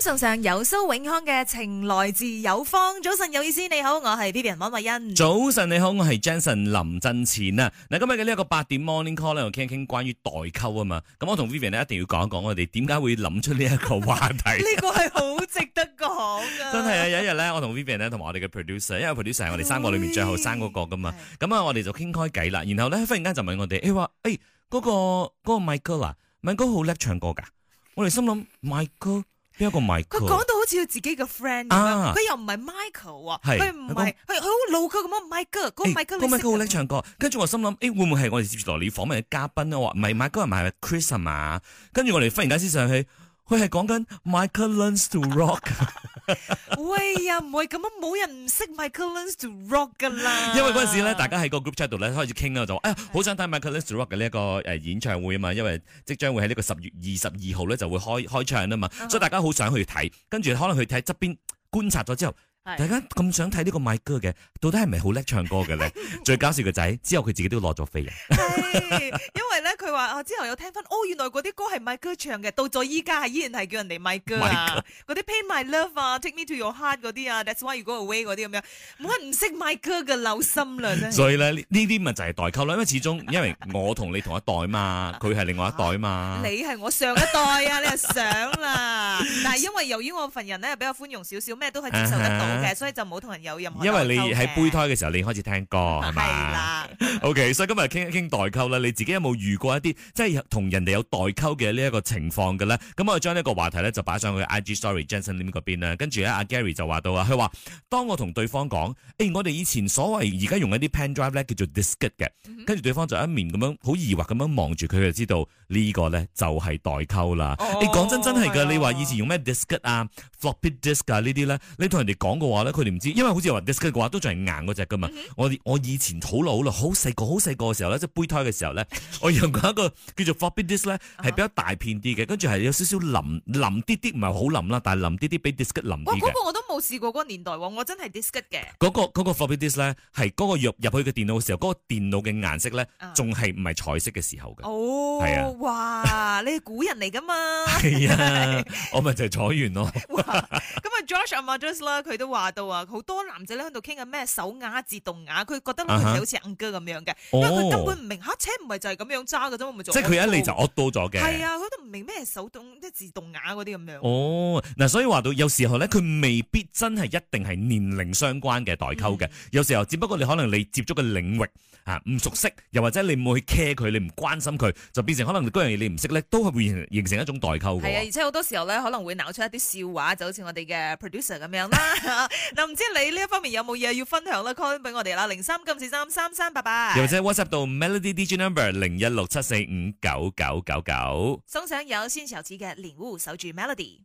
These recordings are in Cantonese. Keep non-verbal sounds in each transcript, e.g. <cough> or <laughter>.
上上有蘇永康嘅情來自有方。早晨有意思，你好，我係 Vivian 馬慧欣。早晨你好，我係 Jason 林振前啊。嗱，今日嘅呢一個八點 Morning Call 咧，我傾一傾關於代溝啊嘛。咁我同 Vivian 咧一定要講一講，我哋點解會諗出呢一個話題？呢個係好值得講噶，真係啊！有一日咧，我同 Vivian 咧，同埋我哋嘅 producer，因為 producer 係我哋三個裏面最後生嗰個噶嘛。咁啊喂，我哋就傾開偈啦。然後咧，忽然間就問我哋，誒話誒嗰個、嗰個 Michael 啊，Michael 好叻唱歌噶。我哋心諗 Michael。一個 Michael 佢講到好似佢自己嘅 friend，佢又唔係 Michael 啊，佢唔係，佢佢好老嘅咁啊 Michael，嗰、欸、個 Michael 你識 Michael 好叻唱歌，跟住我心諗，誒、欸、會唔會係我哋接住來要訪問嘅嘉賓啊？我唔係 Michael，係咪 Chris 啊嘛？跟住我哋忽然間先上去。佢係講緊 Michael learns to rock。 <laughs> 喂呀，唔係咁啊，冇人唔識 Michael learns to rock 噶啦。因為嗰陣時咧，大家喺個 group chat 度咧開始傾啦，就話哎呀，好想睇 Michael learns to rock 嘅呢一個誒演唱會啊嘛，因為即將會喺呢個十月二十二號咧就會開開唱啊嘛，所以大家好想去睇，跟住可能去睇側邊觀察咗之後，是大家咁想睇呢個 Michael 嘅，到底係咪好叻唱歌嘅咧？ <laughs> 最搞笑嘅仔，之後佢自己都落咗飛。係， <laughs> 因為。話啊，之後又聽翻，哦，原來嗰啲歌係 My Girl 唱嘅，到咗依家係依然係叫人哋 My Girl 啊，嗰啲 Pay My Love 啊，Take Me To Your Heart 嗰啲啊，That's Why You Go Away 嗰啲咁樣，冇乜唔識 My Girl 嘅老心啦。所以咧呢啲咪就係代溝啦，因為始終因為我同你同一代嘛，佢係另外一代嘛。你係我上一代啊，你係上啦。但係因為由於我份人咧比較寬容少少，咩都可以接受得到嘅，所以就冇同人有任何。因為你喺胚胎嘅時候，你開始聽歌係咪？係啦。OK，所以今日傾一傾代溝啦，你自己有冇遇過一啲即係同人哋有代溝嘅呢一個情況嘅咧，咁我將呢個話題咧就擺上去 I G Story Jason Lin 嗰邊啦。跟住咧阿 Gary 就話到啊，佢話當我同對方講，誒、欸、我哋以前所謂而家用一啲 pen drive 咧叫做 diskette 嘅，跟住、嗯、哼對方就一面咁樣好疑惑咁樣望住佢，就知道個呢個咧就係、是、代溝啦。你講真真係噶，你話以前用咩 diskette 啊，floppy disk 啊，fl disc 啊呢啲咧，你同人哋講嘅話咧，佢哋唔知，因為好似話 diskette 嘅話都仲係硬嗰隻噶嘛。我、嗯、哼我以前好耐好耐好細個好細個嘅時候咧，即係胚胎嘅時候咧，我、就、用、是 <laughs> <laughs> 一個叫做 floppy disk 咧，係比較大片啲嘅，跟住係有少少腍腍啲啲，唔係好腍啦，但係腍啲啲比 Discus 腍點點哇，嗰、那個我都冇試過嗰個年代喎，我真係 Discus 嘅。嗰、那個嗰、那個 floppy disk 咧，係嗰個入入去嘅電腦嘅時候，嗰、那個電腦嘅顏色咧，仲係唔係彩色嘅時候嘅。哦，係啊，啊哇，你係古人嚟噶嘛？係 <laughs> <laughs> <laughs> <laughs> 啊，我咪就係彩員咯。咁啊 George Andrews 啦，佢都話到啊，好多男仔咧喺度傾緊咩手揸自動揸，佢覺得咧好似五哥咁樣嘅，因為佢根本唔明，黑車唔係就係咁樣揸即係佢一嚟就噏多咗嘅。係啊，佢都唔明咩手動即係自動啞嗰啲咁樣。哦，嗱，所以話到有時候咧，佢未必真係一定係年齡相關嘅代溝嘅。有時候只不過你可能你接觸嘅領域啊唔熟悉，又或者你冇去 care 佢，你唔關心佢，就變成可能嗰樣嘢你唔識咧，都係會形成一種代溝嘅。係啊，而且好多時候咧，可能會鬧出一啲笑話，就好似我哋嘅 producer 咁樣啦。嗱，唔知你呢一方面有冇嘢要分享咧？call 翻俾我哋啦，零三今時三三三八八，拜拜。又或者 WhatsApp 到 Melody D J Number 零一六七。四五九九九九，送上有仙小子嘅蓮霧守住 melody。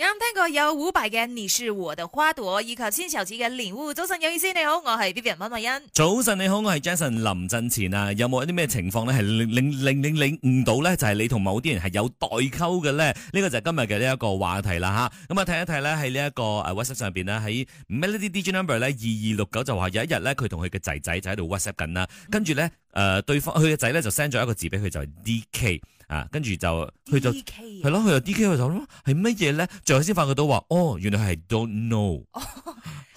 我啱、嗯、聽過有伍佰嘅你是我的花朵，以及辛曉琪嘅領悟。早晨有意思，你好，我係 Vivian 溫惠恩。早晨你好，我係 Jason 林振前啊。有冇一啲咩情況咧？係令領令領領悟到咧？就係、是、你同某啲人係有代溝嘅咧？呢、這個就係今日嘅呢一個話題啦吓。咁啊睇、嗯、一睇咧，喺呢一個誒、啊、WhatsApp 上邊咧，喺 Melody DJ Number 咧二二六九就話有一日咧，佢同佢嘅仔仔就喺度 WhatsApp 緊啦。跟住咧，誒、呃、對方佢嘅仔咧就 send 咗一個字俾佢，就係、是、D K。啊，跟住就佢就係咯，佢就 D.K. 佢就諗，係乜嘢咧？最後先發覺到話，哦，原來係 Don't Know。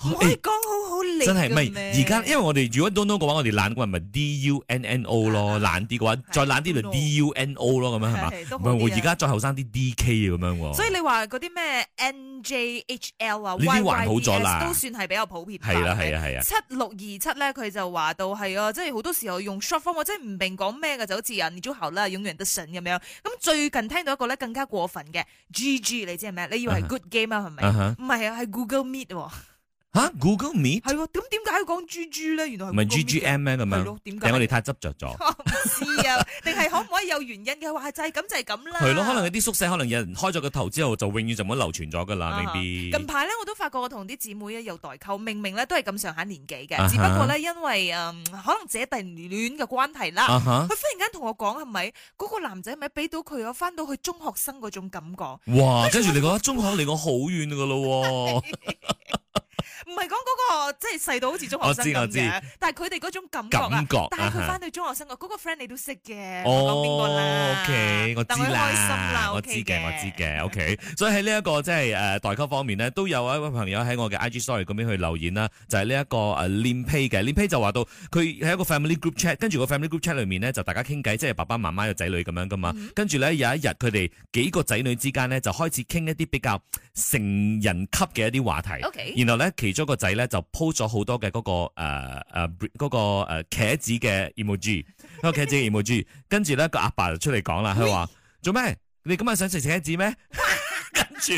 我係講好好理真係，唔係而家，因為我哋如果 Don't Know 嘅話，我哋懶嘅咪 D.U.N.N.O. 咯，懶啲嘅話，再懶啲咪 D.U.N.O. 咯，咁樣係嘛？唔係我而家再後生啲 D.K. 咁樣喎。所以你話嗰啲咩 N.J.H.L. 啊 y 好 d s 都算係比較普遍。係啦，係啊，係啊。七六二七咧，佢就話到係啊，即係好多時候用 short form，即係唔明講咩嘅，就好似人。你之後咧，用完得咁最近聽到一個咧更加過分嘅 GG 你知係咩？你以為係 Good Game 啊，uh，係、huh，咪？唔係啊，係 Google Meet 哦。吓，Google Meet 係點？點解要講 G G 咧？原來係唔係 G G M 咩咁樣？係咯，點解？係我哋太執着咗。是啊，定係可唔可以有原因嘅？話係就係咁就係咁啦。係咯，可能有啲宿舍可能有人開咗個頭之後就永遠就唔好流傳咗噶啦。未必。近排咧，我都發覺我同啲姊妹咧又代溝，明明咧都係咁上下年紀嘅，只不過咧因為誒可能姐弟戀嘅關係啦，佢忽然間同我講係咪嗰個男仔咪俾到佢我翻到去中學生嗰種感覺？哇！跟住你講，中學離我好遠噶咯。唔係講嗰個即係細到好似中學生咁嘅，但係佢哋嗰種感覺啊，但係佢翻到中學生個嗰個 friend 你都識嘅，講邊個啦？O K，我知開心啦，我知嘅，我知嘅，O K。所以喺呢一個即係誒代溝方面咧，都有一位朋友喺我嘅 I G Story 嗰邊去留言啦，就係呢一個誒 link pay 嘅 link pay 就話到佢喺一個 family group chat，跟住個 family group chat 裏面咧就大家傾偈，即係爸爸媽媽嘅仔女咁樣噶嘛。跟住咧有一日佢哋幾個仔女之間咧就開始傾一啲比較成人級嘅一啲話題。O K，然後咧其中。嗰個仔咧就 po 咗好多嘅嗰、嗰個誒誒嗰個茄子嘅 emoji，嗰個茄子嘅 emoji，跟住咧個阿爸，爸就出嚟講啦，佢話 <laughs> 做咩？你今日想食茄子咩？ <laughs> 跟住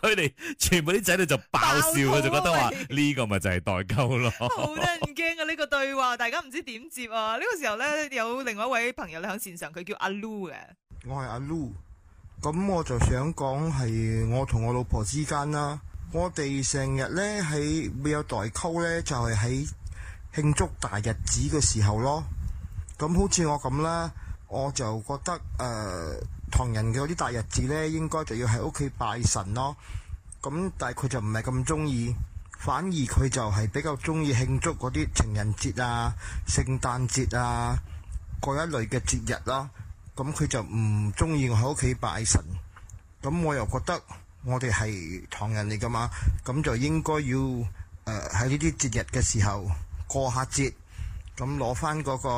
佢哋全部啲仔女就爆笑，佢就覺得話呢喂、呢個咪就係代溝咯。好得人驚啊！呢、呢個對話，大家唔知點接啊！呢、呢個時候咧，有另外一位朋友咧響線上，佢叫阿 Lu 嘅。我係阿 Lu，咁我就想講係我同我老婆之間啦。我哋成日咧喺會有代溝咧，就係、是、喺慶祝大日子嘅時候咯。咁好似我咁啦，我就覺得誒、呃，唐人嘅嗰啲大日子咧，應該就要喺屋企拜神咯。咁、嗯、但係佢就唔係咁中意，反而佢就係比較中意慶祝嗰啲情人節啊、聖誕節啊嗰一類嘅節日咯。咁、嗯、佢就唔中意我喺屋企拜神。咁、嗯、我又覺得。我哋係唐人嚟㗎嘛，咁就應該要誒喺呢啲節日嘅時候過下節，咁攞返嗰個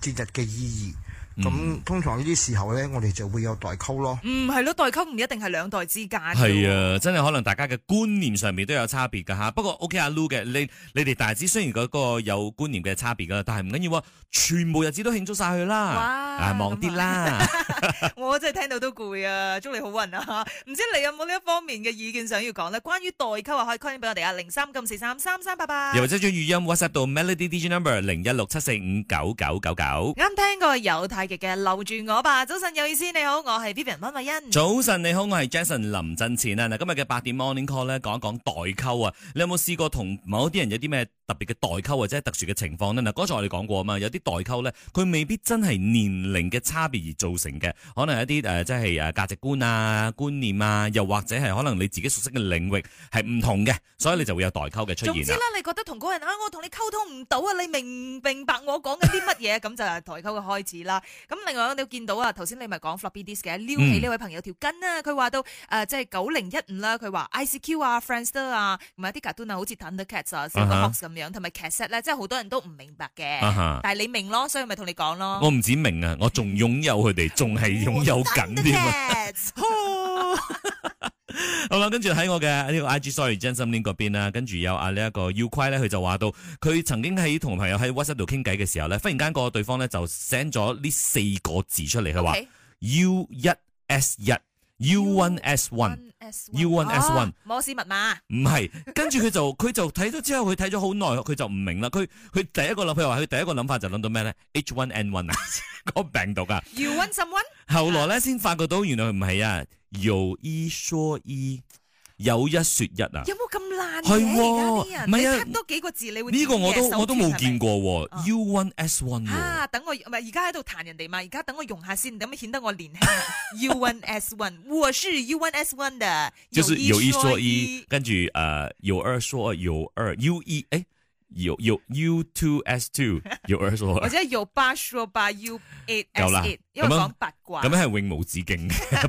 節日嘅意義。咁、嗯、通常呢啲時候咧，我哋就會有代溝咯。唔係咯，代溝唔一定係兩代之間。係啊，真係可能大家嘅觀念上面都有差別㗎吓。不過 OK 阿、啊、Lu 嘅，你你哋大致雖然嗰個有觀念嘅差別嘅，但係唔緊要喎，全部日子都慶祝晒去哇、啊、啦。哇！忙啲啦。我真係聽到都攰啊！祝你好運啊！唔 <laughs> <laughs> 知你有冇呢一方面嘅意見想要講呢？關於代溝啊，可以 call 俾我哋啊，零三九四三三三八八。又或者將語音 WhatsApp 到 Melody Digital Number 零一六七四五九九九九。啱聽過有睇。嘅留住我吧，早晨有意思，你好，我係 Vivian 溫慧欣。早晨你好，我係 Jason 林振前啊！嗱，今日嘅八點 morning call 咧，講一講代溝啊！你有冇試過同某啲人有啲咩特別嘅代溝或者特殊嘅情況呢？嗱，剛才我哋講過啊嘛，有啲代溝咧，佢未必真係年齡嘅差別而造成嘅，可能有一啲誒、呃，即係誒價值觀啊、觀念啊，又或者係可能你自己熟悉嘅領域係唔同嘅，所以你就會有代溝嘅出現。總之啦，你覺得同嗰人啊，我同你溝通唔到啊，你明明白我講緊啲乜嘢，咁 <laughs> 就係代溝嘅開始啦。咁另外我哋見到啊，頭先你咪講 floppy disk 嘅，撩起呢位朋友條筋啊，佢話、嗯、到誒即係九零一五啦，佢話 ICQ 啊、Friendster 啊，同埋啲卡通啊，好似 Thundercats 啊、Star Fox 咁樣，同埋 cassette 咧，即係好多人都唔明白嘅，uh huh. 但係你明咯，所以咪同你講咯。我唔止明啊，我仲擁有佢哋，仲係 <laughs> 擁有緊啲、啊。 <laughs> 好啦，跟住喺我嘅呢、這個 I G Sorry 真心戀嗰邊啦，跟住有啊、這個、ai, 呢一個 U K 咧，佢就話到佢曾經喺同朋友喺 WhatsApp 度傾偈嘅時候咧，忽然間個對方咧就 send 咗呢四個字出嚟，佢話、okay. U 一 S 一 U one S one U one S one，摩斯密碼，唔係，跟住佢就佢就睇咗之後，佢睇咗好耐，佢就唔明啦。佢佢第一個諗佢話佢第一個諗法就諗到咩咧？H one N one 啊，個病毒啊。U one someone，後來咧先發覺到原來佢唔係啊。有一說一，有一說一啊！有冇咁爛嘅而啲人？哦啊、你 t 多幾個字你會？呢個我都我都冇見過、哦。哦、U one S one。哦、 啊，等我唔係而家喺度彈人哋嘛，而家等我用下先，等咪顯得我年輕。 <laughs> U one S one，我是 U one S one 嘅。一一就是有一說一，跟住誒、uh, 有二說有二，有二 U 一誒。1, 欸 y o U two S two <laughs> 或者 y o 我即係有八說八 U eight S eight 了因為講八卦，咁樣係永無止境嘅。咁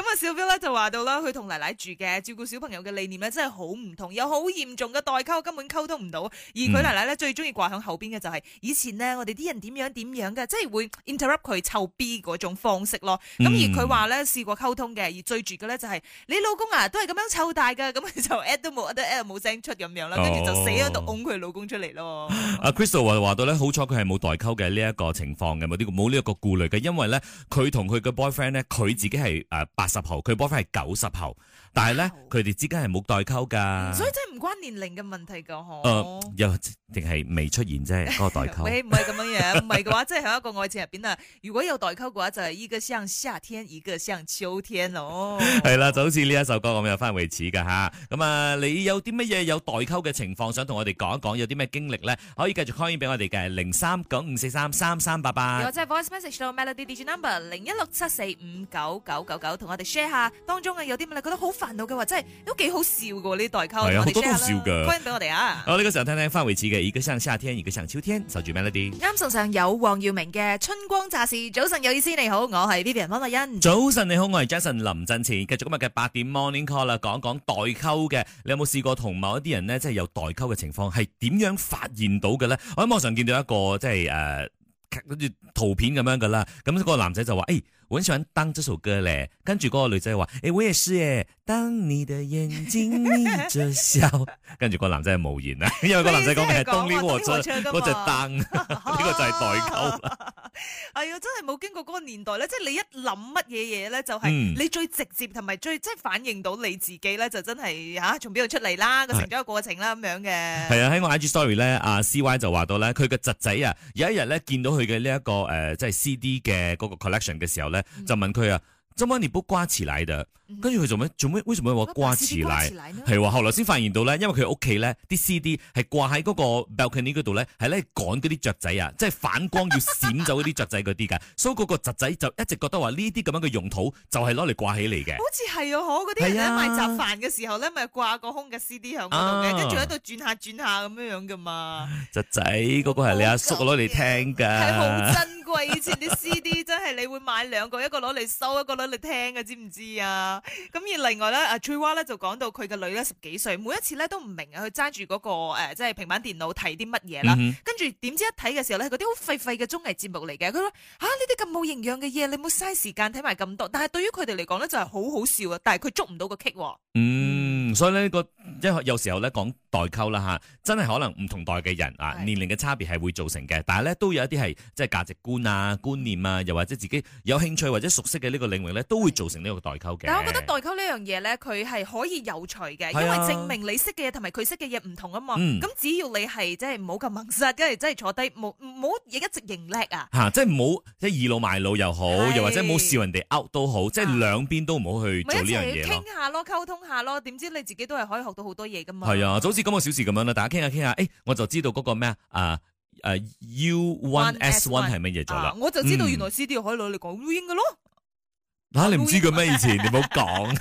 啊，小標咧就話到啦，佢同奶奶住嘅，照顧小朋友嘅理念咧真係好唔同，有好嚴重嘅代溝，根本溝通唔到。而佢奶奶咧最中意掛響後邊嘅就係、是嗯、以前呢，我哋啲人點樣點樣嘅，即係會 interrupt 佢湊 B 嗰種方式咯。咁而佢話咧試過溝通嘅，而最住嘅咧就係、是、你老公啊，都係咁樣湊大嘅，咁 <laughs> 就 at ad 都冇，at at 冇聲出咁樣啦，跟住就死喺度 o 佢。打他打他老公出嚟咯！阿 Crystal 話到咧，好彩佢係冇代溝嘅呢一個情況嘅，冇呢冇呢個顧慮嘅，因為咧佢同佢嘅 boyfriend 咧，佢自己係誒八十後，佢 boyfriend 係九十後，但係咧佢哋之間係冇代溝噶。唔關年齡嘅問題噶，嗬。誒，又定係未出現啫？嗰個代溝。唔係咁樣樣，唔係嘅話，即係喺一個愛情入邊啊！如果有代溝嘅話，就係一個像夏天，一個像秋天咯。係啦，就好似呢一首歌咁樣翻維持噶吓。咁啊，你有啲乜嘢有代溝嘅情況，想同我哋講一講，有啲咩經歷咧？可以繼續 call 翻俾我哋嘅零三九五四三三三八八，或者 voice message 到 melody digital 零一六七四五九九九九，同我哋 share 下當中啊有啲乜嘢覺得好煩惱嘅，或真係都幾好笑嘅呢啲代溝。好笑噶，翻俾我哋啊！好、哦，呢、這個時候聽聽范瑋琪嘅《一個像夏天，一個像秋天》守，守住 melody。啱上上有黃耀明嘅《春光乍泄》，早晨有意思，你好，我係 Lily 溫柏茵。早晨你好，我係 Jason 林振前。繼續今日嘅八點 morning call 啦，講講代溝嘅，你有冇試過同某一啲人呢？即係有代溝嘅情況，係點樣發現到嘅咧？我喺網上見到一個即係誒，好、呃、似圖片咁樣噶啦，咁、那個男仔就話誒。欸本想登當這首歌咧，跟住個女仔話，誒、欸，我也是誒，當你的眼睛眯着笑，跟住 <laughs> 個男仔係無言啊，因為個男仔講嘅係東尼和春嗰隻燈，呢個就係代溝啦。係啊哈、哎，真係冇經過個年代咧，即係你一諗乜嘢嘢咧，就係、是、你最直接同埋最即係反映到你自己咧，就真係吓從邊度出嚟啦，個成長嘅過程啦，咁、哎、樣嘅。係啊，喺我 I G story 咧，阿 C Y 就話到咧，佢嘅侄仔啊，有一日咧見到佢嘅呢一個誒，即係 C D 嘅個 collection 嘅時候咧。就問佢啊，怎、嗯、麼你唔掛磁帶？嘅、嗯？跟住佢做咩？做咩？為什麼話掛磁帶？係話、啊、後來先發現到咧，因為佢屋企咧啲 CD 係掛喺嗰個 balcony 嗰度咧，係咧趕嗰啲雀仔啊，即係反光要閃走嗰啲雀仔嗰啲㗎， <laughs> 所以嗰個侄仔就一直覺得話呢啲咁樣嘅用途就係攞嚟掛起嚟嘅。好似係啊，我嗰啲喺賣雜飯嘅時候咧，咪掛個空嘅 CD 響嗰度嘅，跟住喺度轉下轉下咁樣樣㗎嘛。侄仔嗰、那個係你阿叔攞嚟聽㗎。 <laughs> 係好真。 <laughs> 以前啲 CD 真係你會買兩個， <laughs> 一個攞嚟收，一個攞嚟聽嘅，知唔知啊？咁 <laughs> 而另外咧，阿翠娃咧就講到佢嘅女咧十幾歲，每一次咧都唔明啊、那個，佢揸住嗰個誒，即係平板電腦睇啲乜嘢啦。嗯、哼跟住點知一睇嘅時候咧，嗰啲好廢廢嘅綜藝節目嚟嘅。佢話吓呢啲咁冇營養嘅嘢，你冇嘥時間睇埋咁多。但係對於佢哋嚟講咧，就係好好笑啊。但係佢捉唔到個 kick。嗯，所以呢、呢個即係有時候咧講代溝啦吓，真係可能唔同代嘅人啊年齡嘅差別係會造成嘅，但係咧都有一啲係即係價值觀啊觀念啊，又或者自己有興趣或者熟悉嘅呢個領域咧，都會造成呢個代溝嘅。但係我覺得代溝呢樣嘢咧，佢係可以有趣嘅，因為證明你識嘅嘢同埋佢識嘅嘢唔同啊嘛。咁、嗯、只要你係即係唔好咁掹實，即係即係坐低冇。冇好亦一直盈叻啊！吓、啊，即係冇，即係二老埋老又好，是又或者冇笑別人哋 out 都好，啊、即係兩邊都唔好去做呢樣嘢咯。傾下咯，溝通下咯。點知你自己都係可以學到好多嘢噶嘛？係啊，就好似今日小事咁樣啦，大家傾下傾下，誒、欸，我就知道嗰個咩啊，誒，U one S one 係乜嘢咗啦？我就知道原來 C D 可以攞嚟講烏蠅噶咯。你唔知佢咩意思，你唔好講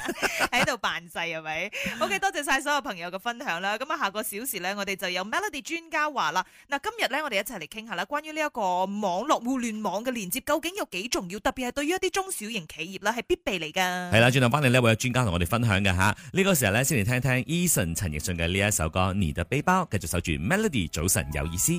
喺度扮勢，係咪？OK，多謝晒所有朋友嘅分享啦。咁啊，下個小時咧，我哋就有 Melody 專家話啦。嗱，今日咧，我哋一齊嚟傾下啦，關於呢一個網絡互聯網嘅連接，究竟有幾重要？特別係對於一啲中小型企業啦，係必備嚟噶。係啦，轉頭翻嚟呢會有專家同我哋分享嘅吓。呢個時候咧，先嚟聽聽 Eason 陳奕迅嘅呢一首歌《你的背包》，繼續守住 Melody 早晨有意思。